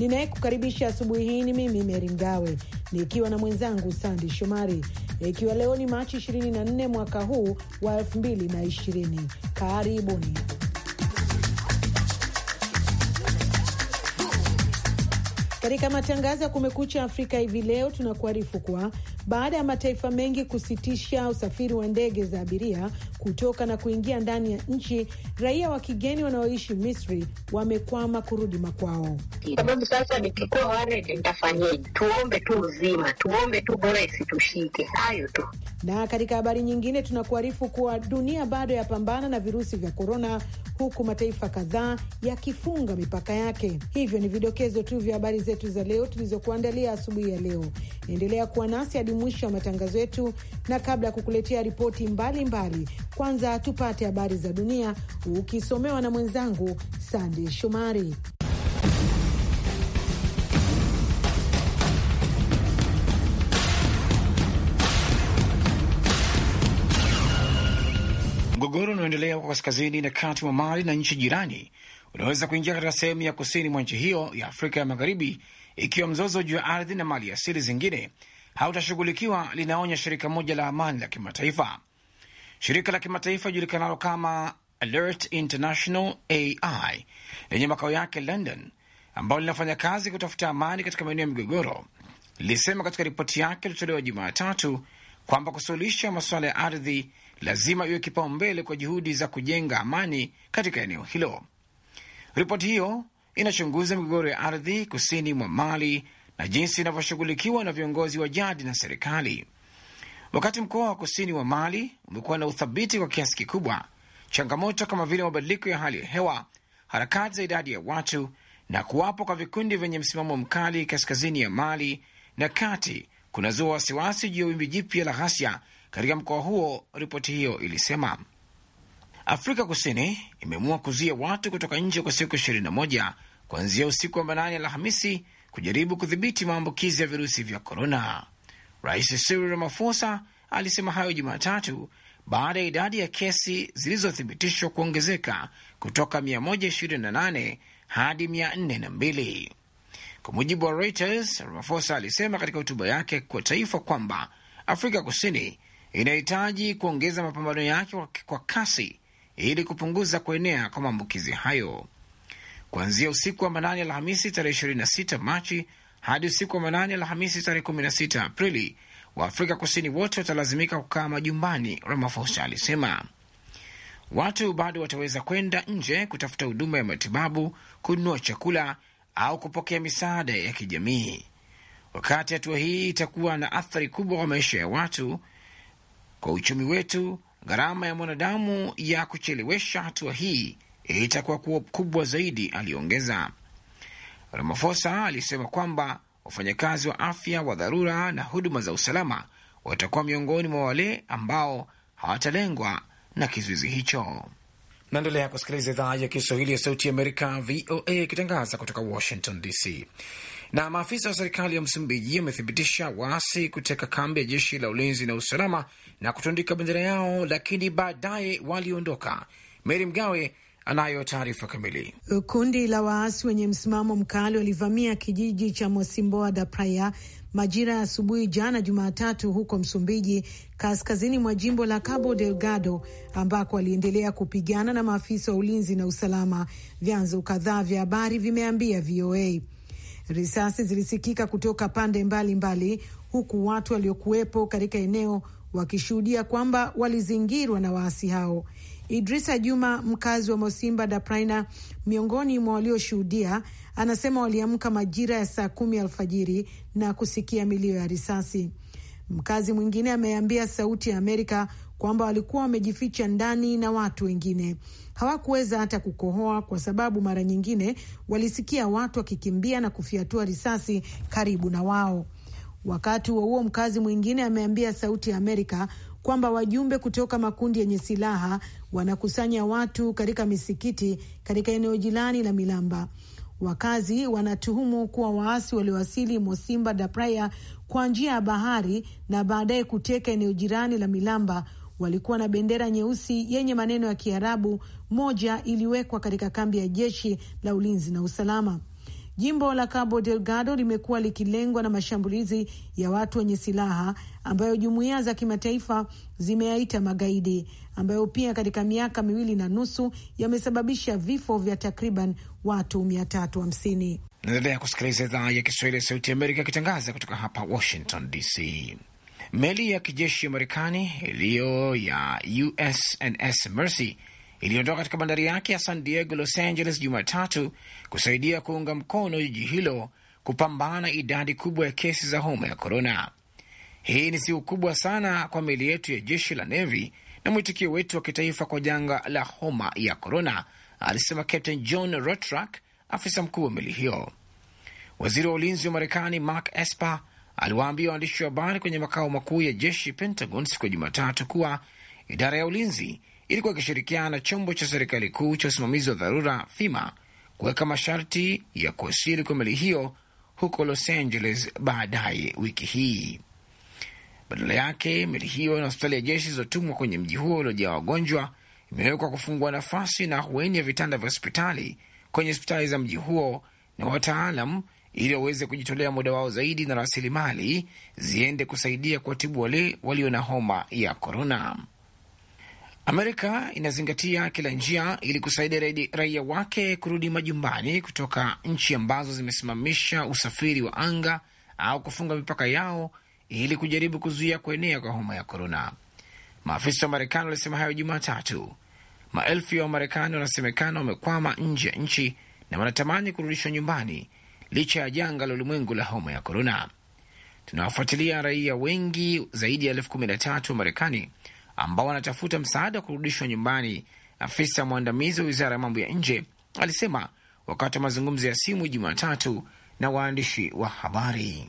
Ninayekukaribisha asubuhi hii ni mimi Meri Mgawe nikiwa na mwenzangu Sandi Shomari, ikiwa leo ni Machi 24 mwaka huu wa 2020. Karibuni. Katika matangazo ya Kumekucha Afrika hivi leo tunakuarifu kuwa baada ya mataifa mengi kusitisha usafiri wa ndege za abiria kutoka na kuingia ndani ya nchi, raia wa kigeni wanaoishi Misri wamekwama kurudi makwao. Sababu sasa nikikuwa wane nitafanyeje? Tuombe tu uzima, tuombe tu bora isitushike, hayo tu. Na katika habari nyingine, tunakuarifu kuwa dunia bado yapambana na virusi vya korona, huku mataifa kadhaa yakifunga mipaka yake. Hivyo ni vidokezo tu vya habari zetu za leo tulizokuandalia asubuhi ya leo. Endelea kuwa nasi hadi mwisho wa matangazo yetu, na kabla ya kukuletea ripoti mbalimbali, kwanza tupate habari za dunia ukisomewa na mwenzangu sandey Shomari. Mgogoro unaoendelea huko kaskazini na kati mwa Mali na nchi jirani unaweza kuingia katika sehemu ya kusini mwa nchi hiyo ya Afrika ya Magharibi ikiwa mzozo juu ya ardhi na mali asili zingine hautashughulikiwa, linaonya shirika moja la amani la kimataifa. Shirika la kimataifa julikanalo kama Alert International AI lenye makao yake London, ambalo linafanya kazi kutafuta amani katika maeneo ya migogoro, lilisema katika ripoti yake iliotolewa Jumatatu kwamba kusuluhisha masuala ya ardhi lazima iwe kipaumbele kwa juhudi za kujenga amani katika eneo hilo. Ripoti hiyo inachunguza migogoro ya ardhi kusini mwa Mali na jinsi inavyoshughulikiwa na viongozi wa jadi na serikali. Wakati mkoa wa kusini wa Mali umekuwa na uthabiti kwa kiasi kikubwa, changamoto kama vile mabadiliko ya hali ya hewa, harakati za idadi ya watu na kuwapo kwa vikundi vyenye msimamo mkali kaskazini ya Mali na kati kunazua wasiwasi juu ya wimbi jipya la ghasia katika mkoa huo, ripoti hiyo ilisema. Afrika Kusini imeamua kuzuia watu kutoka nje kwa siku 21 kuanzia usiku wa manane Alhamisi kujaribu kudhibiti maambukizi ya virusi vya korona. Rais Cyril Ramaphosa alisema hayo Jumatatu baada ya idadi ya kesi zilizothibitishwa kuongezeka kutoka 128 hadi 402. Kwa mujibu wa Reuters, Ramaphosa alisema katika hotuba yake kwa taifa kwamba Afrika Kusini inahitaji kuongeza mapambano yake kwa kasi ili kupunguza kuenea kwa maambukizi hayo. Kuanzia usiku wa manane Alhamisi tarehe 26 Machi hadi usiku wa manane Alhamisi tarehe 16 Aprili, Waafrika Kusini wote watalazimika kukaa majumbani, Ramaphosa alisema. Watu bado wataweza kwenda nje kutafuta huduma ya matibabu, kununua chakula au kupokea misaada ya kijamii. Wakati hatua hii itakuwa na athari kubwa kwa maisha ya watu, kwa uchumi wetu, gharama ya mwanadamu ya kuchelewesha hatua hii itakuwa kubwa zaidi, aliongeza. ramafosa alisema kwamba wafanyakazi wa afya wa dharura na huduma za usalama watakuwa miongoni mwa wale ambao hawatalengwa na kizuizi hicho. Naendelea kusikiliza idhaa ya Kiswahili ya Sauti ya Amerika, VOA, ikitangaza kutoka Washington DC. Na maafisa wa serikali ya Msumbiji wamethibitisha waasi kuteka kambi ya jeshi la ulinzi na usalama na kutundika bendera yao, lakini baadaye waliondoka. Meri Mgawe anayo taarifa kamili. Kundi la waasi wenye msimamo mkali walivamia kijiji cha mosimboa da Praia majira ya asubuhi jana Jumatatu huko Msumbiji, kaskazini mwa jimbo la Cabo Delgado, ambako waliendelea kupigana na maafisa wa ulinzi na usalama, vyanzo kadhaa vya habari vimeambia VOA. Risasi zilisikika kutoka pande mbalimbali mbali, huku watu waliokuwepo katika eneo wakishuhudia kwamba walizingirwa na waasi hao. Idrisa Juma, mkazi wa Mosimba da Praina, miongoni mwa walioshuhudia, anasema waliamka majira ya saa kumi alfajiri na kusikia milio ya risasi. Mkazi mwingine ameambia Sauti ya Amerika kwamba walikuwa wamejificha ndani na watu wengine hawakuweza hata kukohoa kwa sababu mara nyingine walisikia watu wakikimbia na kufyatua risasi karibu na wao. Wakati huo huo, mkazi mwingine ameambia Sauti ya Amerika kwamba wajumbe kutoka makundi yenye silaha wanakusanya watu katika misikiti katika eneo jirani la Milamba. Wakazi wanatuhumu kuwa waasi waliowasili Mosimba da Praia kwa njia ya bahari na baadaye kuteka eneo jirani la Milamba walikuwa na bendera nyeusi yenye maneno ya Kiarabu. Moja iliwekwa katika kambi ya jeshi la ulinzi na usalama. Jimbo la Cabo Delgado limekuwa likilengwa na mashambulizi ya watu wenye silaha ambayo jumuiya za kimataifa zimeyaita magaidi, ambayo pia katika miaka miwili na nusu yamesababisha vifo vya takriban watu 350. Naendelea kusikiliza idhaa ya Kiswahili ya Sauti ya Amerika ikitangaza kutoka hapa Washington DC. Meli ya kijeshi ya Marekani iliyo ya USNS Mercy iliondoka katika bandari yake ya San Diego, Los Angeles Jumatatu kusaidia kuunga mkono jiji hilo kupambana idadi kubwa ya kesi za homa ya korona. Hii ni siku kubwa sana kwa meli yetu ya jeshi la Navy na mwitikio wetu wa kitaifa kwa janga la homa ya korona, alisema Captain John Rotrack, afisa mkuu wa meli hiyo. Waziri wa ulinzi wa Marekani Mark Esper aliwaambia waandishi wa habari kwenye makao makuu ya jeshi Pentagon siku ya Jumatatu kuwa idara ya ulinzi ilikuwa ikishirikiana na chombo cha serikali kuu cha usimamizi wa dharura FEMA kuweka masharti ya kuwasili kwa meli hiyo huko Los Angeles baadaye wiki hii. Badala yake meli hiyo na hospitali ya jeshi zilizotumwa kwenye mji huo uliojaa wagonjwa imewekwa kufungua nafasi na ahueni ya vitanda vya hospitali kwenye hospitali za mji huo na wataalam ili waweze kujitolea muda wao zaidi na rasilimali ziende kusaidia kuwatibu wale walio na homa ya korona. Amerika inazingatia kila njia ili kusaidia raia wake kurudi majumbani kutoka nchi ambazo zimesimamisha usafiri wa anga au kufunga mipaka yao ili kujaribu kuzuia kuenea kwa homa ya korona. Maafisa wa Marekani walisema hayo Jumatatu. Maelfu ya Wamarekani wanasemekana wamekwama nje ya nchi na wanatamani kurudishwa nyumbani licha ya janga la ulimwengu la homa ya korona. Tunawafuatilia raia wengi zaidi ya elfu kumi na tatu wa Marekani ambao wanatafuta msaada wa kurudishwa nyumbani, afisa mwandamizi wa wizara ya mambo ya nje alisema wakati wa mazungumzo ya simu Jumatatu na waandishi wa habari.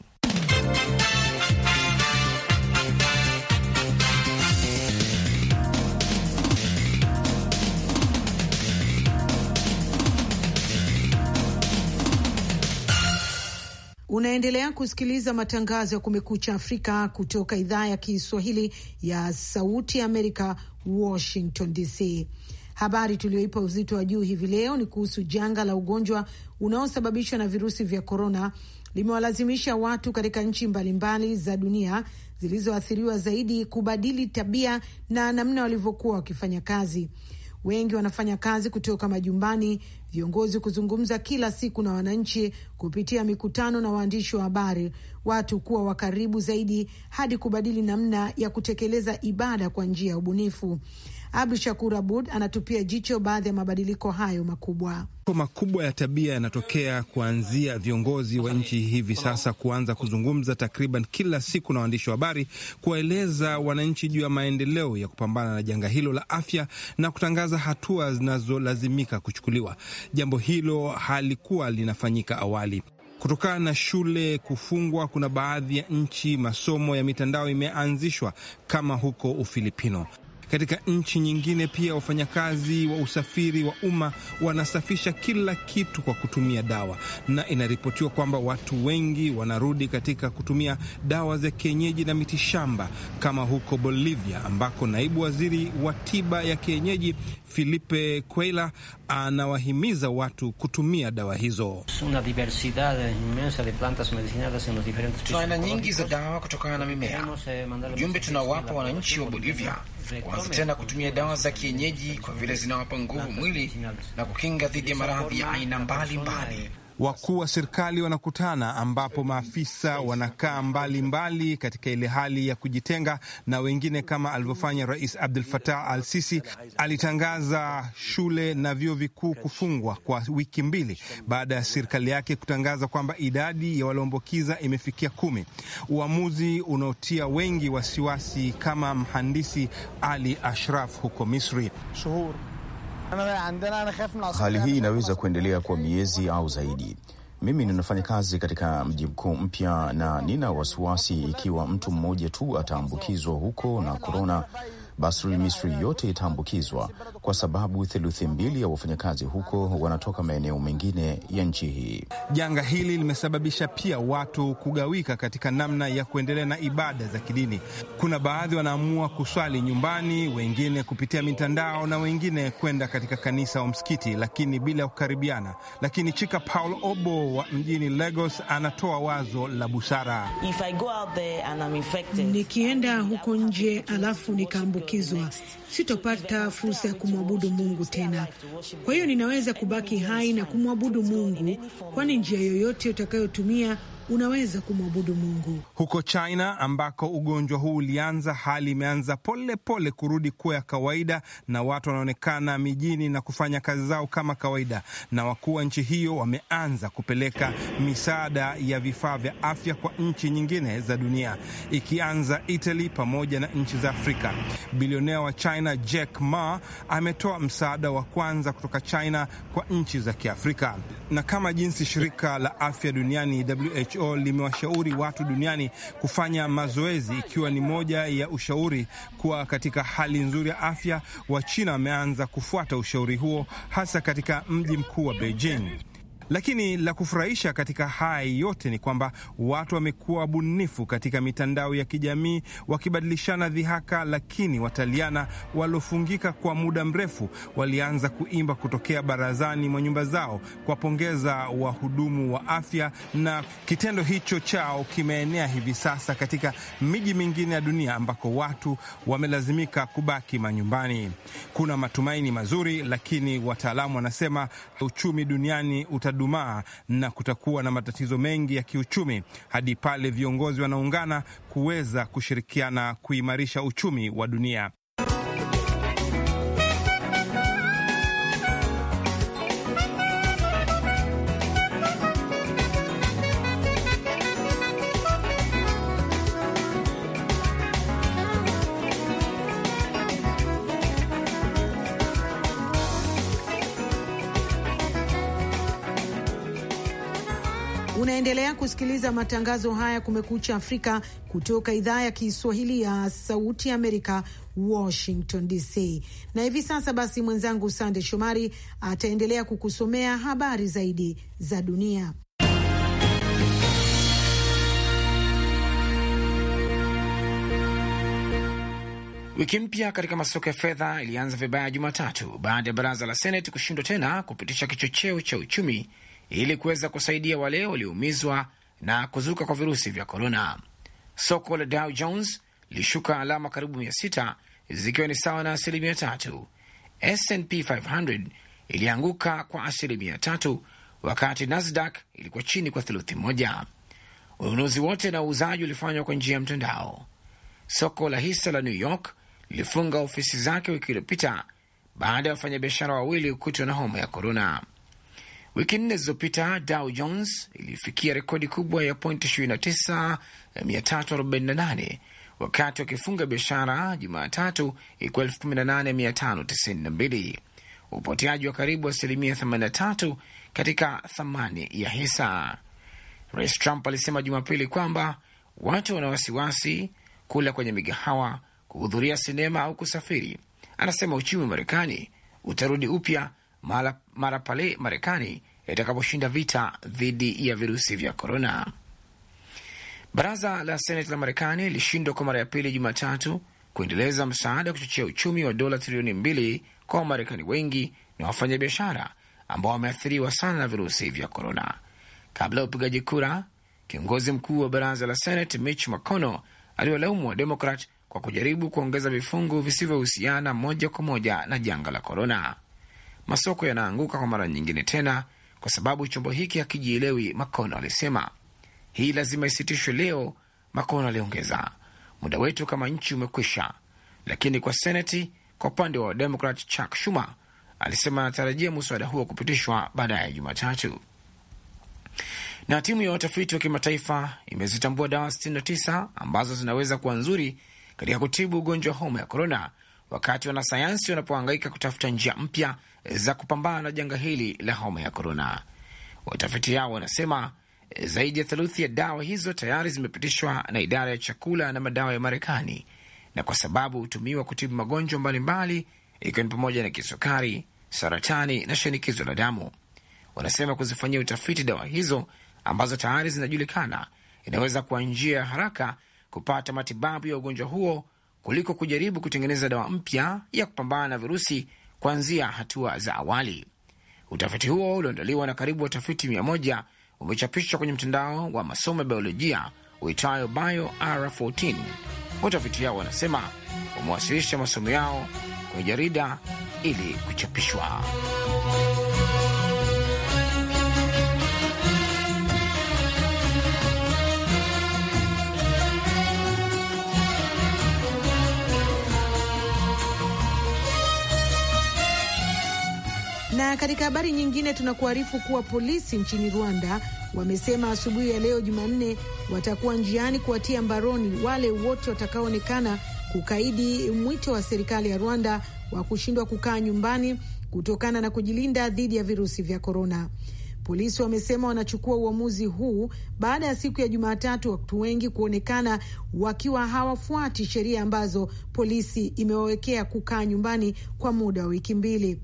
Unaendelea kusikiliza matangazo ya Kumekucha Afrika kutoka idhaa ya Kiswahili ya Sauti ya Amerika, Washington DC. Habari tuliyoipa uzito wa juu hivi leo ni kuhusu janga la ugonjwa unaosababishwa na virusi vya korona limewalazimisha watu katika nchi mbalimbali za dunia zilizoathiriwa zaidi kubadili tabia na namna walivyokuwa wakifanya kazi. Wengi wanafanya kazi kutoka majumbani viongozi kuzungumza kila siku na wananchi kupitia mikutano na waandishi wa habari, watu kuwa wa karibu zaidi, hadi kubadili namna ya kutekeleza ibada kwa njia ya ubunifu. Abdu Shakur Abud anatupia jicho baadhi ya mabadiliko hayo makubwa makubwa ya tabia yanatokea kuanzia viongozi wa nchi hivi sasa kuanza kuzungumza takriban kila siku na waandishi wa habari, kuwaeleza wananchi juu ya maendeleo ya kupambana na janga hilo la afya na kutangaza hatua zinazolazimika kuchukuliwa. Jambo hilo halikuwa linafanyika awali. Kutokana na shule kufungwa, kuna baadhi ya nchi masomo ya mitandao imeanzishwa kama huko Ufilipino. Katika nchi nyingine pia wafanyakazi wa usafiri wa umma wanasafisha kila kitu kwa kutumia dawa, na inaripotiwa kwamba watu wengi wanarudi katika kutumia dawa za kienyeji na mitishamba, kama huko Bolivia ambako naibu waziri wa tiba ya kienyeji Filipe Kwela anawahimiza watu kutumia dawa hizo. Tuna aina nyingi za dawa kutokana na mimea. Ujumbe eh, tunawapa wananchi wa Bolivia waanze tena kutumia dawa za kienyeji kwa vile zinawapa nguvu mwili na kukinga dhidi ya maradhi ya aina mbalimbali wakuu wa serikali wanakutana, ambapo maafisa wanakaa mbalimbali katika ile hali ya kujitenga na wengine, kama alivyofanya Rais Abdul fatah al Sisi. Alitangaza shule na vyuo vikuu kufungwa kwa wiki mbili baada ya serikali yake kutangaza kwamba idadi ya walioambukiza imefikia kumi, uamuzi unaotia wengi wasiwasi, kama mhandisi Ali Ashraf huko Misri. Shuhur. Hali hii inaweza kuendelea kwa miezi au zaidi. Mimi ninafanya kazi katika mji mkuu mpya na nina wasiwasi ikiwa mtu mmoja tu ataambukizwa huko na korona Basri Misri yote itaambukizwa kwa sababu theluthi mbili ya wafanyakazi huko wanatoka maeneo mengine ya nchi hii. Janga hili limesababisha pia watu kugawika katika namna ya kuendelea na ibada za kidini. Kuna baadhi wanaamua kuswali nyumbani, wengine kupitia mitandao na wengine kwenda katika kanisa au msikiti, lakini bila ya kukaribiana. Lakini Chika Paul Obo wa mjini Lagos anatoa wazo la busara: nikienda huko nje alafu nikaambukia kubakizwa, sitopata fursa ya kumwabudu Mungu tena. Kwa hiyo ninaweza kubaki hai na kumwabudu Mungu, kwani njia yoyote utakayotumia unaweza kumwabudu Mungu. Huko China ambako ugonjwa huu ulianza, hali imeanza pole pole kurudi kuwa ya kawaida, na watu wanaonekana mijini na kufanya kazi zao kama kawaida, na wakuu wa nchi hiyo wameanza kupeleka misaada ya vifaa vya afya kwa nchi nyingine za dunia, ikianza Italy pamoja na nchi za Afrika. Bilionea wa China Jack Ma ametoa msaada wa kwanza kutoka China kwa nchi za Kiafrika, na kama jinsi shirika la afya duniani WHO WHO limewashauri watu duniani kufanya mazoezi, ikiwa ni moja ya ushauri kuwa katika hali nzuri ya afya. Wachina wameanza kufuata ushauri huo, hasa katika mji mkuu wa Beijing. Lakini la kufurahisha katika haya yote ni kwamba watu wamekuwa wabunifu katika mitandao ya kijamii wakibadilishana dhihaka, lakini Wataliana waliofungika kwa muda mrefu walianza kuimba kutokea barazani mwa nyumba zao kuwapongeza wahudumu wa afya, na kitendo hicho chao kimeenea hivi sasa katika miji mingine ya dunia ambako watu wamelazimika kubaki manyumbani. Kuna matumaini mazuri, lakini wataalamu wanasema uchumi duniani utadu utadumaa na kutakuwa na matatizo mengi ya kiuchumi hadi pale viongozi wanaungana kuweza kushirikiana kuimarisha uchumi wa dunia. Unaendelea kusikiliza matangazo haya Kumekucha Afrika kutoka idhaa ya Kiswahili ya Sauti ya Amerika, Washington DC. Na hivi sasa basi, mwenzangu Sande Shomari ataendelea kukusomea habari zaidi za dunia. Wiki mpya katika masoko ya fedha ilianza vibaya Jumatatu baada ya baraza la Seneti kushindwa tena kupitisha kichocheo cha uchumi ili kuweza kusaidia wale walioumizwa na kuzuka kwa virusi vya korona. Soko la Dow Jones lilishuka alama karibu 6 zikiwa ni sawa na asilimia tatu. S&P 500 ilianguka kwa asilimia tatu, wakati Nasdaq ilikuwa chini kwa theluthi moja. Ununuzi wote na uuzaji ulifanywa kwa njia ya mtandao. Soko la hisa la New York lilifunga ofisi zake wiki iliyopita baada ya wafanyabiashara wawili kukutwa na homa ya korona. Wiki nne zilizopita Dow Jones ilifikia rekodi kubwa ya point 29348 wakati wakifunga biashara Jumatatu ilikuwa 18592, upoteaji wa karibu asilimia 83 katika thamani ya hisa. Rais Trump alisema Jumapili kwamba watu wana wasiwasi kula kwenye migahawa, kuhudhuria sinema au kusafiri. Anasema uchumi wa Marekani utarudi upya mara, mara pale Marekani itakaposhinda vita dhidi ya virusi vya korona. Baraza la Seneti la Marekani lilishindwa kwa mara ya pili Jumatatu kuendeleza msaada wa kuchochea uchumi wa dola trilioni mbili kwa Wamarekani wengi na wafanyabiashara ambao wameathiriwa sana na virusi vya korona. Kabla ya upigaji kura, kiongozi mkuu wa baraza la Senate Mitch McConnell aliwalaumu wa Demokrat kwa kujaribu kuongeza vifungu visivyohusiana moja kwa moja na janga la korona masoko yanaanguka kwa mara nyingine tena kwa sababu chombo hiki hakijielewi, Makono alisema. Hii lazima isitishwe leo, Makono aliongeza. Muda wetu kama nchi umekwisha. Lakini kwa seneti, kwa upande wa Demokrat, Chuck Schumer alisema anatarajia muswada huo kupitishwa baadaye ya Jumatatu. Na timu ya watafiti wa kimataifa imezitambua dawa 69 ambazo zinaweza kuwa nzuri katika kutibu ugonjwa wa homa ya korona, wakati wanasayansi wanapohangaika kutafuta njia mpya za kupambana na janga hili la homa ya korona. Watafiti hao wanasema eh, zaidi ya theluthi ya dawa hizo tayari zimepitishwa na idara ya chakula na madawa ya Marekani, na kwa sababu hutumiwa kutibu magonjwa mbalimbali, ikiwa ni pamoja na kisukari, saratani na shinikizo la damu. Wanasema kuzifanyia utafiti dawa hizo ambazo tayari zinajulikana inaweza kuwa njia ya haraka kupata matibabu ya ugonjwa huo kuliko kujaribu kutengeneza dawa mpya ya kupambana na virusi kuanzia hatua za awali. Utafiti huo ulioandaliwa na karibu watafiti mia moja umechapishwa kwenye mtandao wa masomo ya biolojia uitayo Bio R14. Watafiti hao wanasema wamewasilisha masomo yao kwenye jarida ili kuchapishwa. Na katika habari nyingine, tunakuarifu kuwa polisi nchini Rwanda wamesema asubuhi ya leo Jumanne watakuwa njiani kuwatia mbaroni wale wote watakaoonekana kukaidi mwito wa serikali ya Rwanda wa kushindwa kukaa nyumbani kutokana na kujilinda dhidi ya virusi vya korona. Polisi wamesema wanachukua uamuzi huu baada ya siku ya Jumatatu watu wengi kuonekana wakiwa hawafuati sheria ambazo polisi imewawekea kukaa nyumbani kwa muda wa wiki mbili.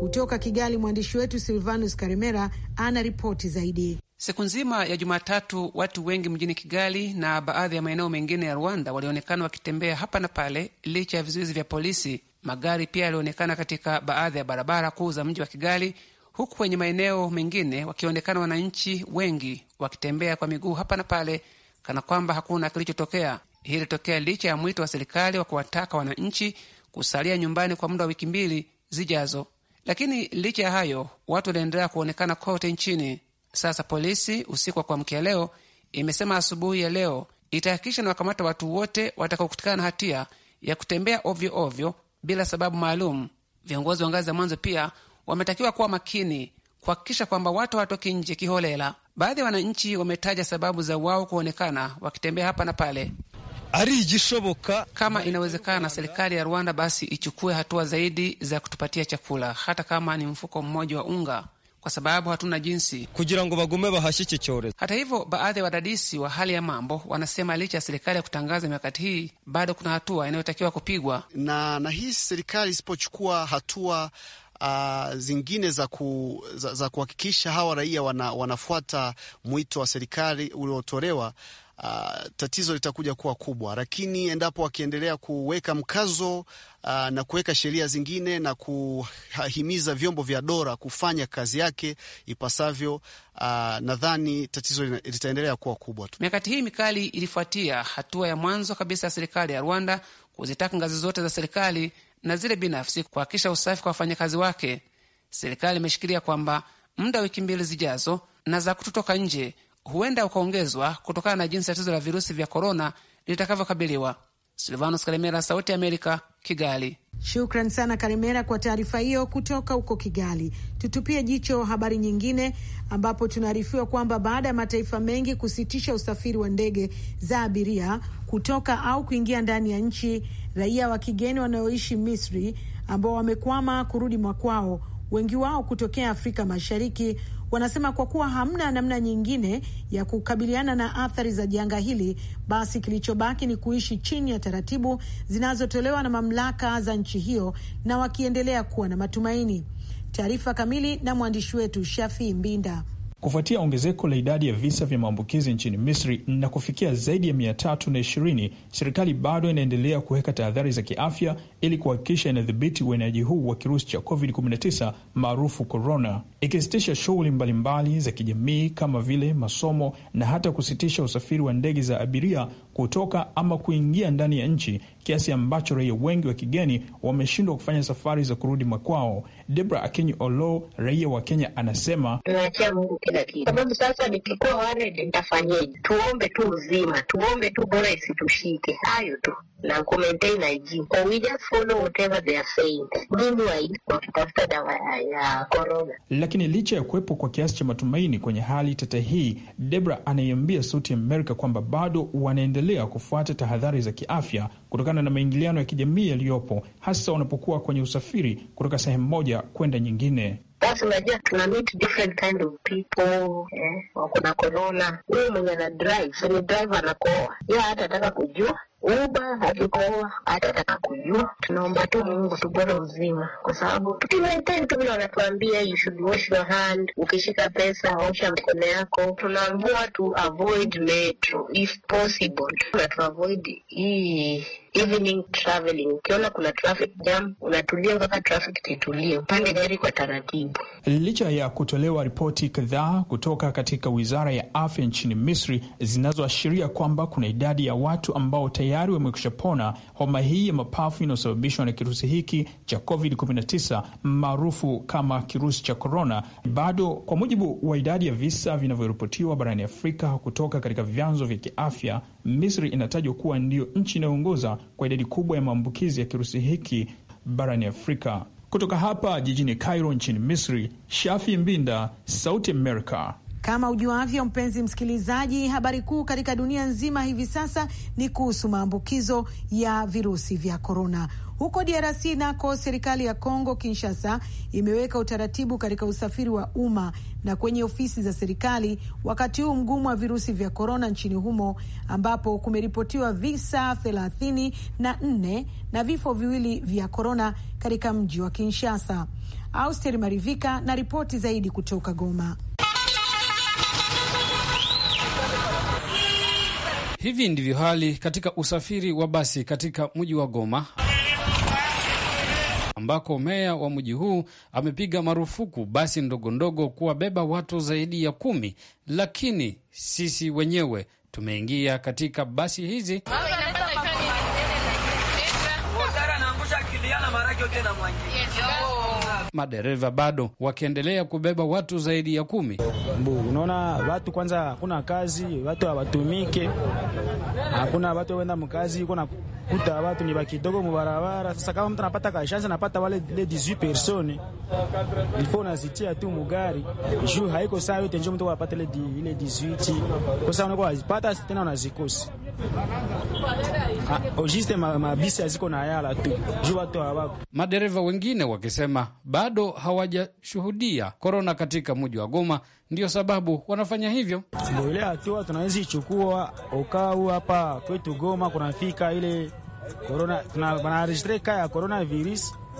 Kutoka Kigali, mwandishi wetu Silvanus Karimera ana ripoti zaidi. Siku nzima ya Jumatatu watu wengi mjini Kigali na baadhi ya maeneo mengine ya Rwanda walionekana wakitembea hapa na pale licha ya vizuizi vya polisi. Magari pia yalionekana katika baadhi ya barabara kuu za mji wa Kigali huku kwenye maeneo mengine wakionekana wananchi wengi wakitembea kwa miguu hapa na pale, kana kwamba hakuna kilichotokea. Hii ilitokea licha ya mwito wa serikali wa kuwataka wananchi kusalia nyumbani kwa muda wa wiki mbili zijazo, lakini licha ya hayo watu waliendelea kuonekana kote nchini. Sasa polisi usiku wa kuamkia leo imesema asubuhi ya leo itahakikisha na wakamata watu wote watakaokutikana na hatia ya kutembea ovyo ovyo bila sababu maalum. Viongozi wa ngazi za mwanzo pia wametakiwa kuwa makini kuhakikisha kwamba watu hawatoki nje kiholela. Baadhi ya wananchi wametaja sababu za wao kuonekana wakitembea hapa na pale. Ari igishoboka, kama inawezekana, serikali ya Rwanda basi ichukue hatua zaidi za kutupatia chakula, hata kama ni mfuko mmoja wa unga, kwa sababu hatuna jinsi kugira ngo bagume bahashe iki Hata hivyo, baadhi ya wadadisi wa hali ya mambo wanasema licha ya serikali ya kutangaza mikakati hii, bado kuna hatua inayotakiwa kupigwa, na na hii serikali isipochukua hatua uh, zingine za, ku, za, za kuhakikisha hawa raia wana, wanafuata mwito wa serikali uliotolewa, uh, tatizo litakuja kuwa kubwa, lakini endapo wakiendelea kuweka mkazo uh, na kuweka sheria zingine na kuhimiza vyombo vya dola kufanya kazi yake ipasavyo, uh, nadhani tatizo litaendelea kuwa kubwa tu. Mikakati hii mikali ilifuatia hatua ya mwanzo kabisa ya serikali ya Rwanda kuzitaka ngazi zote za serikali na zile binafsi kuhakikisha usafi kwa wafanyakazi wake. Serikali imeshikilia kwamba muda wa wiki mbili zijazo na za kutotoka nje huenda ukaongezwa kutokana na jinsi tatizo la virusi vya korona litakavyokabiliwa. Silvanus Karimera, Sauti ya Amerika, Kigali. Shukran sana Karimera kwa taarifa hiyo kutoka huko Kigali. Tutupie jicho habari nyingine, ambapo tunaarifiwa kwamba baada ya mataifa mengi kusitisha usafiri wa ndege za abiria kutoka au kuingia ndani ya nchi raia wa kigeni wanaoishi Misri ambao wamekwama kurudi mwakwao, wengi wao kutokea Afrika Mashariki, wanasema kwa kuwa hamna namna nyingine ya kukabiliana na athari za janga hili, basi kilichobaki ni kuishi chini ya taratibu zinazotolewa na mamlaka za nchi hiyo, na wakiendelea kuwa na matumaini. Taarifa kamili na mwandishi wetu Shafii Mbinda kufuatia ongezeko la idadi ya visa vya maambukizi nchini Misri na kufikia zaidi ya mia tatu na ishirini. Serikali bado inaendelea kuweka tahadhari za kiafya ili kuhakikisha inadhibiti ueneaji huu wa kirusi cha COVID-19 maarufu corona, ikisitisha shughuli mbalimbali za kijamii kama vile masomo na hata kusitisha usafiri wa ndege za abiria kutoka ama kuingia ndani ya nchi kiasi ambacho raia wengi wa kigeni wameshindwa kufanya safari za kurudi makwao. Debra Akenyi Olo, raia wa Kenya, anasema Mungu kila kitu, sababu sasa nikikuwa nitafanyeje? Tuombe tu uzima, tuombe tu bora isitushike, hayo tu na kumaintain IG. We just follow whatever they are saying. Meanwhile, wakitafuta dawa ya Lakini licha ya kuwepo kwa kiasi cha matumaini kwenye hali tete hii, Debra anaiambia Sauti Amerika kwamba bado wanaendelea wanaendelea kufuata tahadhari za kiafya kutokana na maingiliano ya kijamii yaliyopo, hasa wanapokuwa kwenye usafiri kutoka sehemu moja kwenda nyingine. Basi unajua tuna meet different kind of people eh, wakuna corona huyu mwenye ana drive ni drive anakoa yeye hata taka kujua uba akikoa hata taka kujua. Tunaomba tu Mungu tubora uzima, kwa sababu tukimaitani tu vile wanatuambia you should wash your hand, ukishika pesa osha mkono yako. tunaambua tu avoid metro if possible, na avoid hii evening traveling. Ukiona kuna traffic jam, unatulia mpaka traffic itulie, upande gari kwa taratibu. Licha ya kutolewa ripoti kadhaa kutoka katika wizara ya afya nchini Misri zinazoashiria kwamba kuna idadi ya watu ambao tayari wamekwisha pona homa hii ya mapafu inayosababishwa na kirusi hiki cha COVID-19 maarufu kama kirusi cha korona, bado kwa mujibu wa idadi ya visa vinavyoripotiwa barani Afrika kutoka katika vyanzo vya kiafya Misri inatajwa kuwa ndiyo nchi inayoongoza kwa idadi kubwa ya maambukizi ya kirusi hiki barani Afrika. Kutoka hapa jijini Cairo nchini Misri, Shafi Mbinda, Sauti america Kama ujuavyo, mpenzi msikilizaji, habari kuu katika dunia nzima hivi sasa ni kuhusu maambukizo ya virusi vya korona. Huko DRC nako, serikali ya congo Kinshasa imeweka utaratibu katika usafiri wa umma na kwenye ofisi za serikali wakati huu mgumu wa virusi vya korona nchini humo, ambapo kumeripotiwa visa thelathini na nne na vifo viwili vya korona katika mji wa Kinshasa. Auster Marivika na ripoti zaidi kutoka Goma. Hivi ndivyo hali katika usafiri wa basi katika mji wa Goma ambako meya wa mji huu amepiga marufuku basi ndogondogo kuwabeba watu zaidi ya kumi, lakini sisi wenyewe tumeingia katika basi hizi madereva bado wakiendelea kubeba watu zaidi ya kumi mbu. Unaona watu kwanza, hakuna kazi, watu hawatumike, hakuna watu wenda mkazi, kuna kuta watu ni bakidogo mubarabara. Sasa kama mtu anapata kashansi, anapata wale le 18 persone ilifo nazitia tu mugari ju haiko saa yote njo mtu le ile 18 kosa unakuwa wazipata tena unazikosi Ojiste ah, mabisi aziko na yala tu ju watu hawako. Madereva wengine wakisema bado hawajashuhudia korona katika mji wa Goma ndio sababu wanafanya hivyo. Ile hatua tunawezi chukua ukau hapa kwetu Goma kunafika ile korona, tunaregistre ka ya coronavirus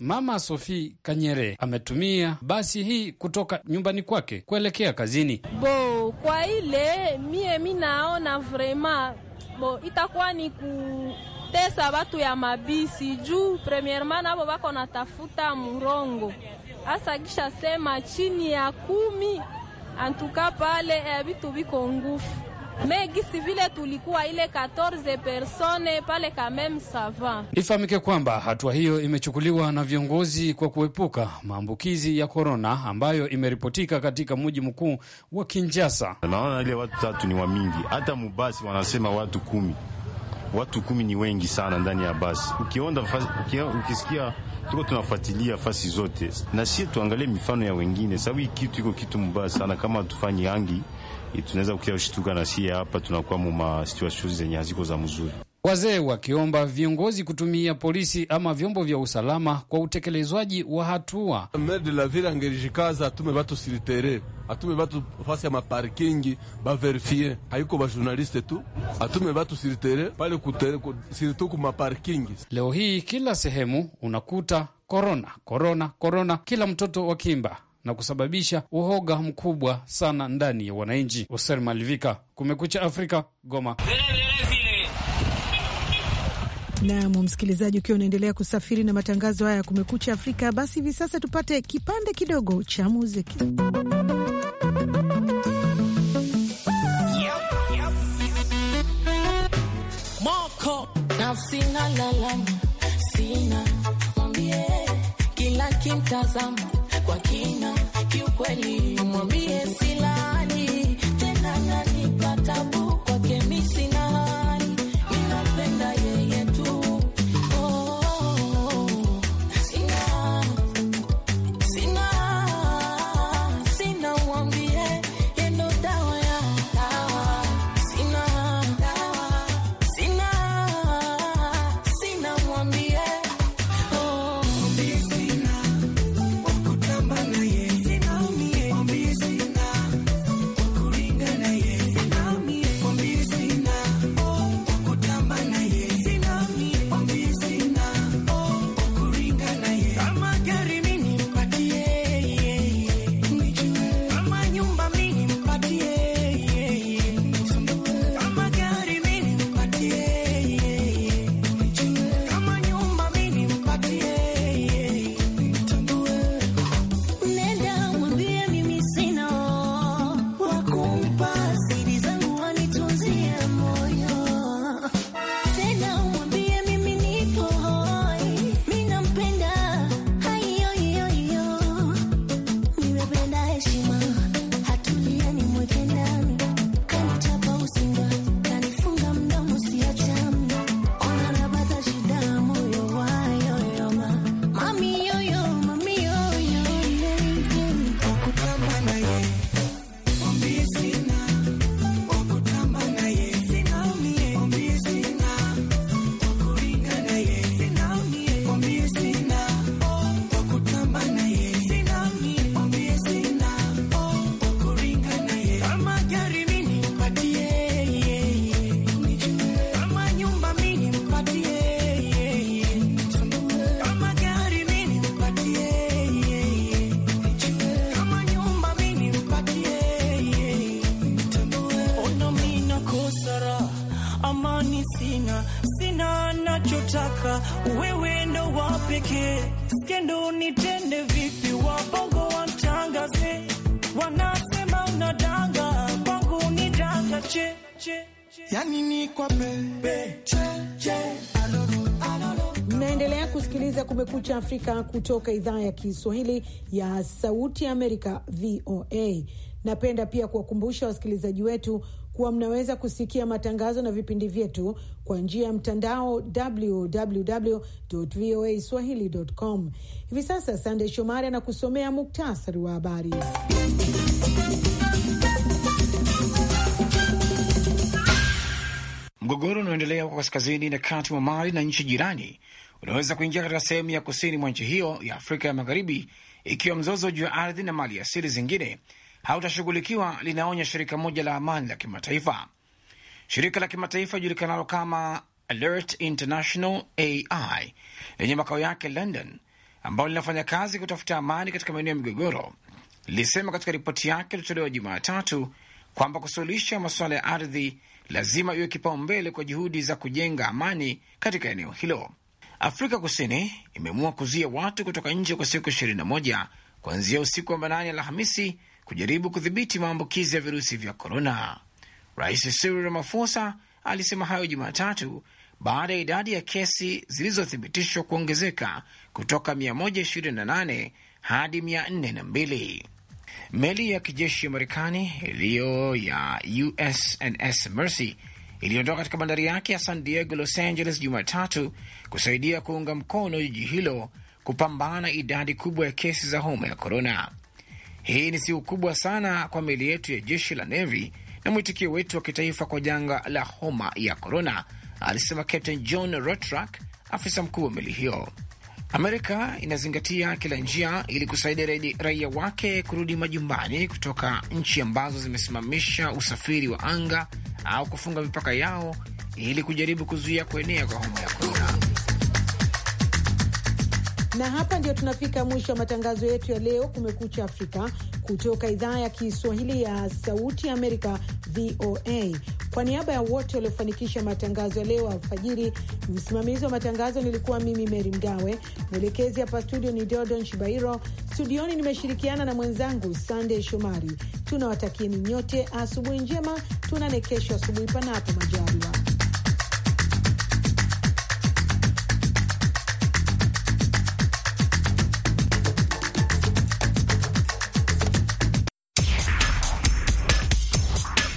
Mama Sophie Kanyere ametumia basi hii kutoka nyumbani kwake kuelekea kazini. Bo, kwa ile mie minaona vrema bo itakuwa ni kutesa watu ya mabisi juu premierema navo bako natafuta murongo hasa kisha sema chini ya kumi antuka pale vitu viko ngufu megisi vile tulikuwa ile 14 persone pale kamem sava. Ifahamike kwamba hatua hiyo imechukuliwa na viongozi kwa kuepuka maambukizi ya korona ambayo imeripotika katika mji mkuu wa Kinjasa. Naona ile watu tatu ni wamingi, hata mubasi wanasema watu kumi watu kumi ni wengi sana ndani ya basi. Ukionda ukisikia tuko tunafuatilia fasi zote, na sie tuangalie mifano ya wengine, sababu hii kitu iko kitu mbaya sana, kama tufanyi angi tunaweza kukiashtuka na sie hapa tunakuwa muma situation zenye haziko za mzuri. Wazee wakiomba viongozi kutumia polisi ama vyombo vya usalama kwa utekelezwaji wa hatua. Maire de la ville angelijikaza, atume batu siritere, atume batu fasi ya maparkingi baverifie, haiko bajournaliste tu, atume batu siritere pale siritu ku maparkingi. Leo hii kila sehemu unakuta korona, korona, korona, kila mtoto wa Kimba na kusababisha uhoga mkubwa sana ndani ya wananchi. Oser Malivika, Kumekucha Afrika, Goma. Nam msikilizaji, ukiwa unaendelea kusafiri na matangazo haya ya Kumekucha Afrika, basi hivi sasa tupate kipande kidogo cha muziki. Sina lalama, sina mwambie, kila kimtazama kwa kina kiukweli, mwambie si yani Mnaendelea kusikiliza Kumekucha Afrika kutoka idhaa ya Kiswahili ya Sauti ya Amerika, VOA. Napenda pia kuwakumbusha wasikilizaji wetu kuwa mnaweza kusikia matangazo na vipindi vyetu kwa njia ya mtandao www voa swahili.com. Hivi sasa, Sandey Shomari anakusomea muktasari wa habari. Mgogoro unaoendelea huko kaskazini na kati mwa Mali na nchi jirani unaweza kuingia katika sehemu ya kusini mwa nchi hiyo ya Afrika ya Magharibi ikiwa mzozo juu ya ardhi na mali asili zingine hautashughulikiwa, linaonya shirika moja la amani la kimataifa. Shirika la kimataifa julikanalo kama Alert International AI lenye makao yake London, ambalo linafanya kazi kutafuta amani katika maeneo ya migogoro, lilisema katika ripoti yake iliotolewa Jumatatu kwamba kusuluhisha masuala ya ardhi lazima iwe kipaumbele kwa juhudi za kujenga amani katika eneo hilo. Afrika Kusini imeamua kuzuia watu kutoka nje kwa siku 21 kuanzia usiku wa manane Alhamisi kujaribu kudhibiti maambukizi ya virusi vya korona. Rais Cyril Ramaphosa alisema hayo Jumatatu baada ya idadi ya kesi zilizothibitishwa kuongezeka kutoka 128 hadi 402. Meli ya kijeshi ya Marekani iliyo ya USNS Mercy iliyoondoka katika bandari yake ya San Diego, Los Angeles Jumatatu kusaidia kuunga mkono jiji hilo kupambana idadi kubwa ya kesi za homa ya korona. Hii ni siku kubwa sana kwa meli yetu ya jeshi la Navy na mwitikio wetu wa kitaifa kwa janga la homa ya korona, alisema Captain John Rotrack, afisa mkuu wa meli hiyo. Amerika inazingatia kila njia ili kusaidia raia wake kurudi majumbani kutoka nchi ambazo zimesimamisha usafiri wa anga au kufunga mipaka yao ili kujaribu kuzuia kuenea kwa homa ya korona. Na hapa ndio tunafika mwisho wa matangazo yetu ya leo, Kumekucha Afrika, kutoka idhaa ya Kiswahili ya Sauti ya Amerika, VOA. Kwa niaba ya wote waliofanikisha matangazo ya leo alfajiri, msimamizi wa matangazo nilikuwa mimi Meri Mgawe, mwelekezi hapa studio ni Dodon Shibairo. Studioni nimeshirikiana na mwenzangu Sandey Shomari. Tunawatakieni nyote asubuhi njema, tunane kesho asubuhi panapo majaliwa.